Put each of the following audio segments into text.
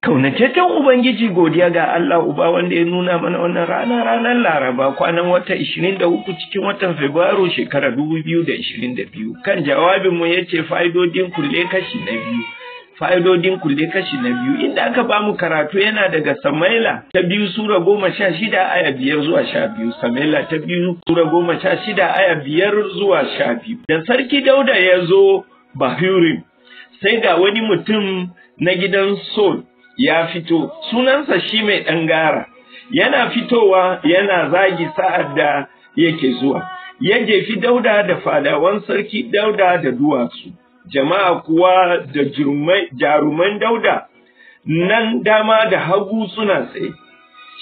kaunataccen ubangiji godiya ga Allah uba wanda ya nuna mana wannan rana ranar laraba kwanan wata 23 cikin watan fabrairu shekara 2022 kan jawabin mu yace fa'idodin kulle kashi na biyu fa'idodin kulle kashi na biyu inda aka ba mu karatu yana daga samaila ta biyu sura goma sha shida aya biyar zuwa sha biyu samaila ta biyu sura goma sha shida aya biyar zuwa sha biyu da sarki dauda ya zo bahurim sai ga wani mutum na gidan sol ya fito sunansa shi mai ɗan gara yana fitowa yana zagi sa'ad da yake zuwa ya jefi dauda da fadawan sarki dauda da duwatsu jama'a kuwa da jaruman dauda nan dama da hagu suna tsaye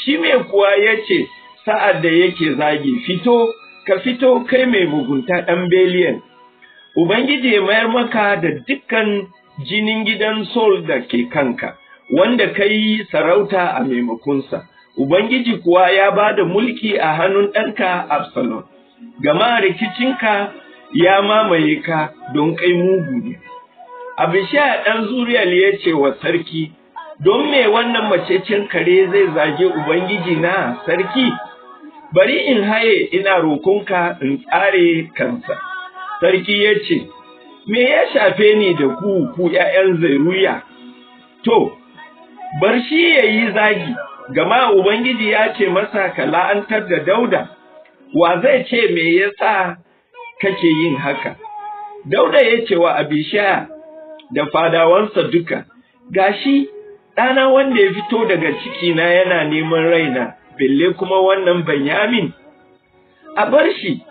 shi mai kuwa ya ce sa'ad da yake zagi fito ka fito kai mai mugunta ɗan beliyan ubangiji ya mayar maka da dukkan jinin gidan sol da ke kanka wanda ka yi sarauta a maimakonsa, Ubangiji kuwa ya ba da mulki a hannun ɗanka Absalom, gama rikicinka ya mamaye ka don kai mugu ne. Abishai ɗan Zuriyal ya ce wa sarki, Don me wannan cin kare zai zage Ubangiji na sarki, bari in haye ina roƙonka in tsare kansa. Sarki ya ce, Me ya shafe ni da ku ku ’ya'yan Zairuya? To, bar shi ya yi zagi, gama Ubangiji ya ce masa ka la'antar da dauda, wa zai ce me yasa kake yin haka. Dauda ya ce wa Abishaya da fadawansa duka, gashi ɗana wanda ya fito daga ciki na yana neman raina, belle kuma wannan Banyamin, a bar shi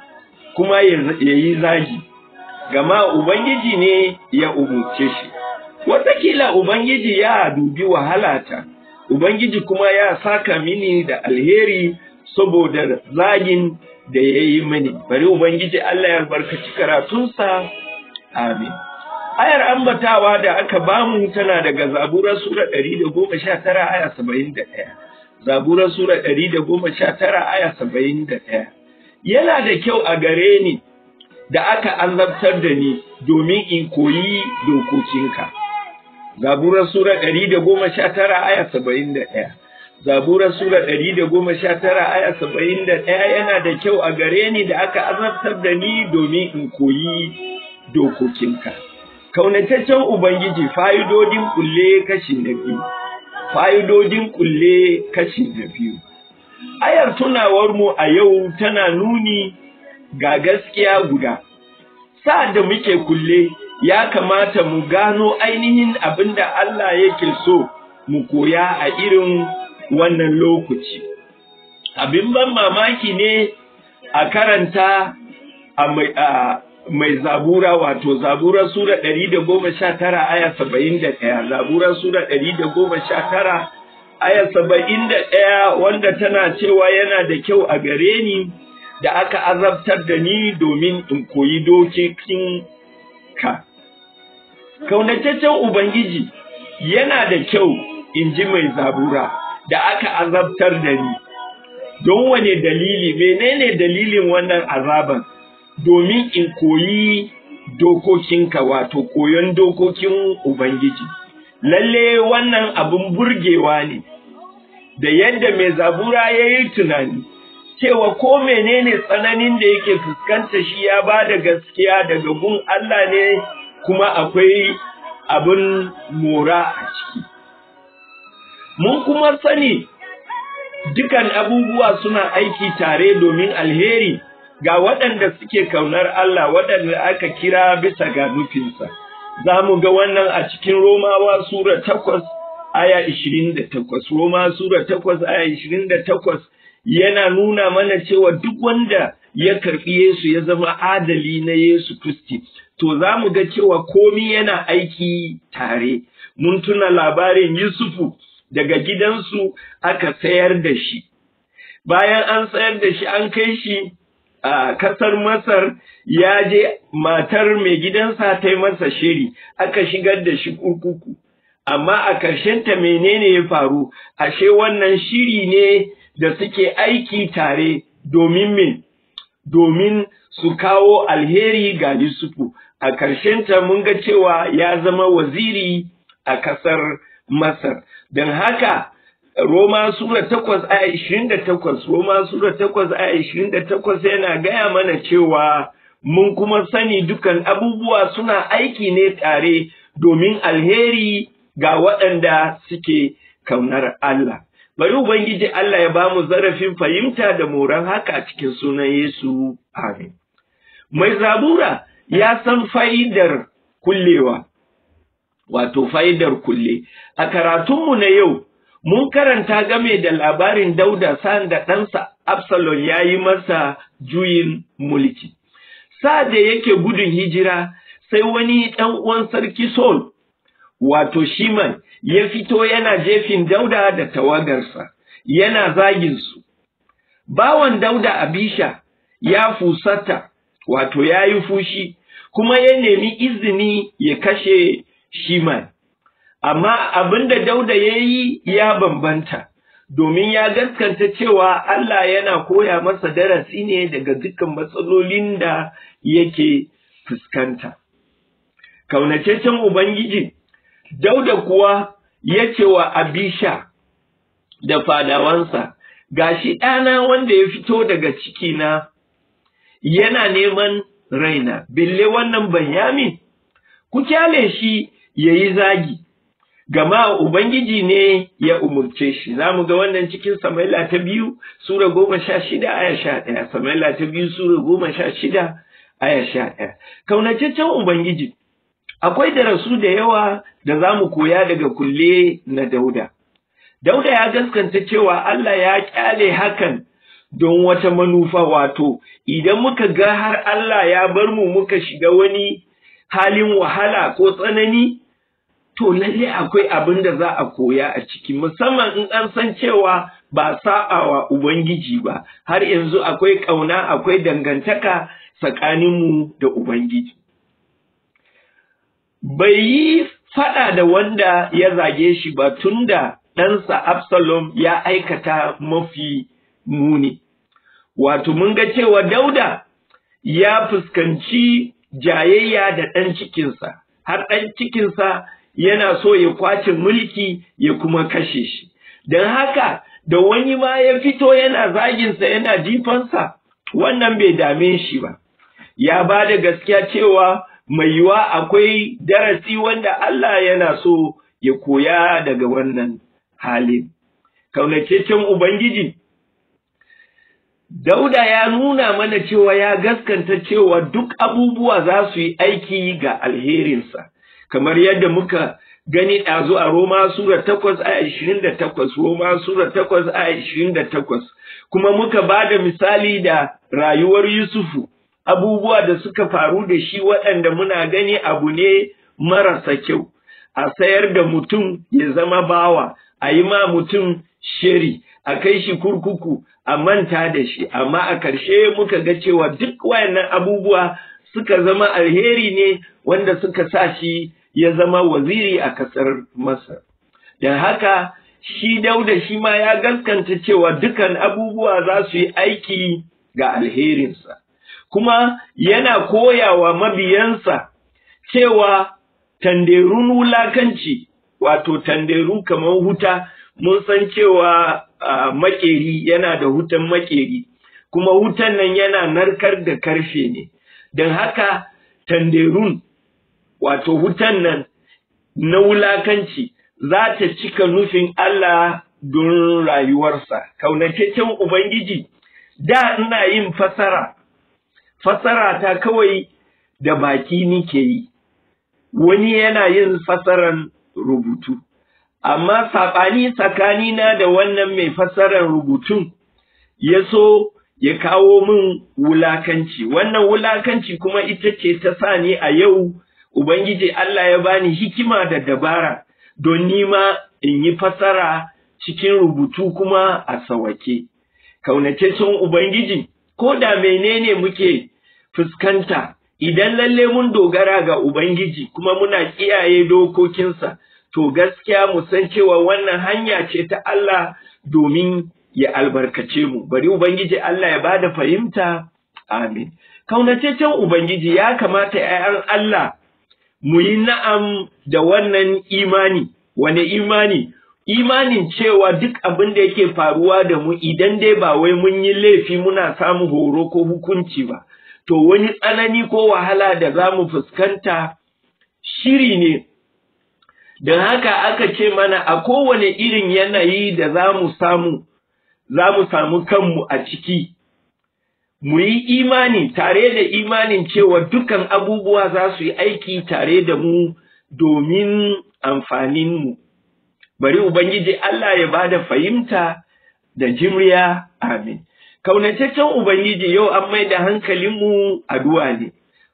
kuma ya yi zagi, gama Ubangiji ne ya umurce shi. Wataƙila Ubangiji ya dubi wahalata, Ubangiji kuma ya saka mini da alheri saboda zagin da ya yi mini. Bari Ubangiji Allah ya albarkaci karatunsa, amin. Ayar ambatawa da aka bamu tana daga zaburar Sura ɗari da goma sha tara aya saba'in da ɗaya. Zaburar Sura ɗari da goma sha tara aya saba'in da ɗaya. Yana da kyau a gare ni da aka azabtar da ni domin in koyi dokokinka. Zaburar Sura ɗari da goma sha tara aya saba'in da ɗaya. Zaburar Sura ɗari da goma sha tara aya saba'in da ɗaya yana da kyau a gare ni da aka azabtar da ni domin in koyi dokokinka. Kaunataccen Ubangiji fa'idodin ƙulle kashi na biyu. Fa'idodin ƙulle kashi na biyu. Ayar tunawarmu a yau tana nuni ga gaskiya guda. sa'ad da muke kulle ya kamata mu gano ainihin abin da Allah yake so mu koya a irin wannan lokaci. Abin ban mamaki ne a karanta a mai zabura wato zabura sura ɗari da goma sha tara aya saba'in da ɗaya zabura sura ɗari da goma sha tara aya saba'in da ɗaya wanda tana cewa yana da kyau a gare ni da aka azabtar da ni domin in koyi ka Kaunataccen Ubangiji yana da kyau in ji mai zabura da aka azabtar da ni, don wane dalili, menene dalilin wannan azaban, domin in koyi dokokinka wato koyon dokokin Ubangiji. Lalle wannan abin burgewa ne, da yadda mai zabura ya yi tunani. cewa ko menene tsananin da yake fuskanta shi ya ba da gaskiya daga gun Allah ne kuma akwai abin mora a ciki. Mun kuma sani dukan abubuwa suna aiki tare domin alheri ga waɗanda suke kaunar Allah waɗanda aka kira bisa ga nufinsa. Za mu ga wannan a cikin Romawa Sura takwas aya takwas, Roma Sura takwas aya takwas. yana nuna mana cewa duk wanda ya karbi Yesu ya zama adali na Yesu Kristi to za mu ga cewa komi yana aiki tare mun tuna labarin Yusufu daga gidansu aka sayar da shi bayan an sayar da shi an kai shi a kasar Masar ya je matar mai gidansa ta yi masa shiri aka shigar da shi kurkuku amma a ta menene ya faru ashe wannan shiri ne da suke aiki tare domin me domin su kawo alheri ga Yusufu a ta mun ga cewa ya zama waziri a ƙasar Masar don haka Roma Sura takwas a ishirin Roma Sura takwas a ishirin da takwas yana gaya mana cewa mun kuma sani dukan abubuwa suna aiki ne tare domin alheri ga waɗanda suke kaunar Allah. bari ubangiji Allah ya ba mu zarafin fahimta da moran haka a cikin sunan Yesu amin mai zabura ya san fa'idar kullewa wato fa'idar kulle a karatunmu na yau mun karanta game da labarin dauda sa'an da ɗansa Absalom ya yi masa juyin mulki. Sa da yake gudun hijira sai wani ɗan uwan sarki Saul wato Shiman ya fito yana jefin Dauda da tawagarsa, yana zaginsu. Bawan Dauda Abisha ya fusata, wato ya yi fushi, kuma ya nemi izini ya kashe Shiman. Amma abin da Dauda ya yi ya bambanta, domin ya gaskanta cewa Allah yana koya masa darasi ne daga dukkan matsalolin da yake fuskanta. Kaunataccen Ubangiji. Dauda kuwa ya ce wa Abisha da fadawansa, gashi ɗana wanda ya fito daga cikina yana neman raina, bille wannan Banyamin, ku kyale shi ya yi zagi, gama Ubangiji ne ya umarce shi, za mu ga wannan cikin Samaila ta biyu, Sura goma sha shida aya sha ɗaya, Samaila ta biyu Sura goma sha shida aya sha ɗaya. Kaunataccen Ubangiji, akwai darasu da yawa da za mu koya daga kulle na dauda dauda ya gaskanta cewa Allah ya kyale hakan don wata manufa wato idan muka ga har Allah ya bar mu muka shiga wani halin wahala ko tsanani to lalle akwai abin da za a koya a ciki musamman in an san cewa ba sa'a wa ubangiji ba har yanzu akwai ƙauna akwai dangantaka tsakaninmu da ubangiji bai yi faɗa da wanda ya zage shi ba tunda ɗansa Absalom ya aikata mafi muni. Wato, mun ga cewa Dauda ya fuskanci jayayya da ɗan cikinsa, har ɗan cikinsa yana so ya kwace mulki ya kuma kashe shi. Don haka, da wani ma ya fito yana zaginsa yana jifansa, wannan bai dame shi ba. Ya ba da gaskiya cewa mai yiwa akwai darasi wanda Allah yana so ya koya daga wannan halin. Kaunakeken Ubangiji, Dauda ya nuna mana cewa ya gaskanta cewa duk abubuwa za su yi aiki ga alherinsa, kamar yadda muka gani ɗazu a Roma Sura takwas a ishirin da takwas, Roma Sura takwas a ishirin da takwas, kuma muka ba da misali da rayuwar Yusufu. abubuwa da suka faru da shi waɗanda muna gani abu ne marasa kyau a sayar da mutum ya zama bawa a yi ma mutum shiri a kai shi kurkuku a manta da shi amma a ƙarshe muka ga cewa duk wayannan abubuwa suka zama alheri ne wanda suka sa shi ya zama waziri a ƙasar masar don haka shi dauda shi ma ya gaskanta cewa dukan abubuwa za su yi aiki ga alherinsa kuma yana koyawa mabiyansa cewa tanderun wulakanci wato tanderu kamar huta mun san cewa makeri yana da hutan makeri kuma hutan nan yana narkar da karfe ne don haka tanderun wato hutan nan na wulakanci za ta cika nufin Allah don rayuwarsa kaunakeccen ubangiji da ina yin fasara fassara ta kawai da baki nike yi wani yana yin fassaran rubutu amma saɓani na da wannan mai fasaran rubutun ya so ya kawo min wulakanci wannan wulakanci kuma ita ce ta sa ni a yau ubangiji Allah ya bani hikima da dabara don nima in yi fasara cikin rubutu kuma a sawake kaunace sun ubangiji ko da menene muke fuskanta idan lalle mun dogara ga ubangiji kuma muna kiyaye dokokinsa to gaskiya mu san cewa wannan hanya ce ta Allah domin ya albarkace mu bari ubangiji Allah ya bada fahimta amin kaunataccen ubangiji ya kamata 'ya'yan Allah mu yi na'am da wannan imani wane imani imanin cewa duk abin da yake faruwa da mu idan dai ba wai mun yi laifi muna samun horo ko hukunci ba to wani tsanani ko wahala da za mu fuskanta shiri ne don haka aka ce mana a kowane irin yanayi da za mu samu za mu samu kanmu a ciki mu yi imani tare da imanin cewa dukan abubuwa za su yi aiki tare da mu domin amfaninmu bari ubangiji Allah ya bada fahimta da jimriya amin Kaunataccen Ubangiji yau an mai da hankalinmu addu'a ne,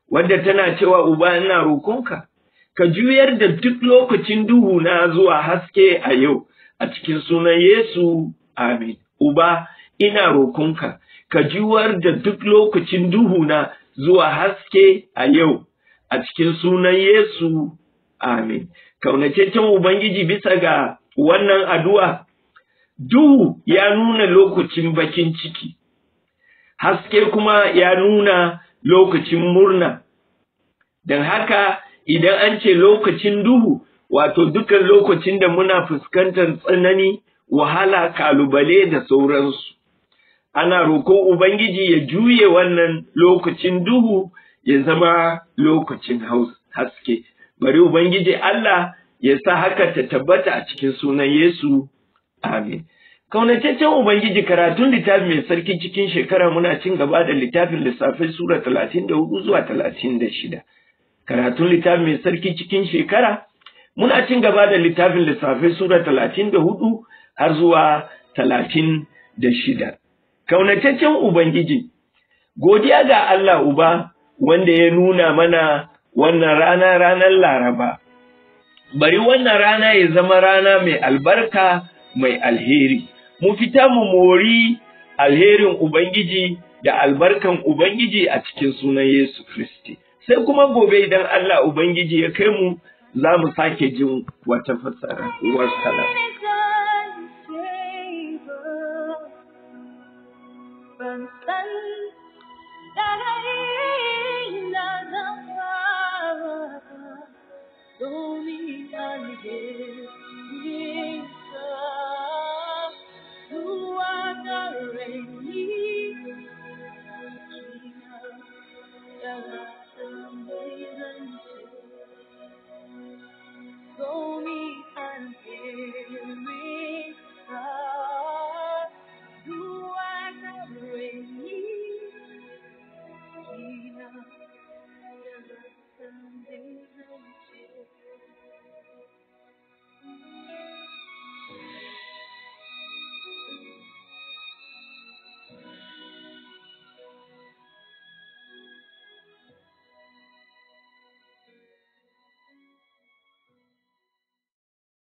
wadda tana cewa Uba ina roƙonka, ka juyar da duk lokacin duhu na zuwa haske a yau a cikin sunan Yesu, Amin. Uba ina roƙonka, ka juyar da duk lokacin duhu na zuwa haske a yau a cikin sunan Yesu, Amin. Kaunataccen Ubangiji bisa ga wannan addu'a, duhu ya nuna lokacin bakin ciki. haske kuma ya nuna lokacin murna don haka idan an ce lokacin duhu wato dukkan lokacin da muna fuskantar tsanani wahala kalubale da sauransu ana roƙon ubangiji ya juye wannan lokacin duhu ya zama lokacin haske bari ubangiji Allah ya sa haka ta tabbata a cikin sunan Yesu amin Kaunataccen Ubangiji karatun littafi mai sarki cikin shekara muna cin gaba da littafin lissafai Sura talatin da hudu zuwa talatin da shida. Karatun littafi mai sarki cikin shekara muna cin gaba da littafin lissafai Sura talatin da hudu har zuwa talatin da shida. Kaunataccen Ubangiji, godiya ga Allah Uba wanda ya nuna mana wannan rana ranar Laraba. Bari wannan rana ya zama rana mai albarka mai alheri. mu fita mu mori alherin ubangiji da albarkan ubangiji a cikin sunan Yesu Kiristi, sai kuma gobe idan Allah ubangiji ya kai mu za mu sake jin wata fasara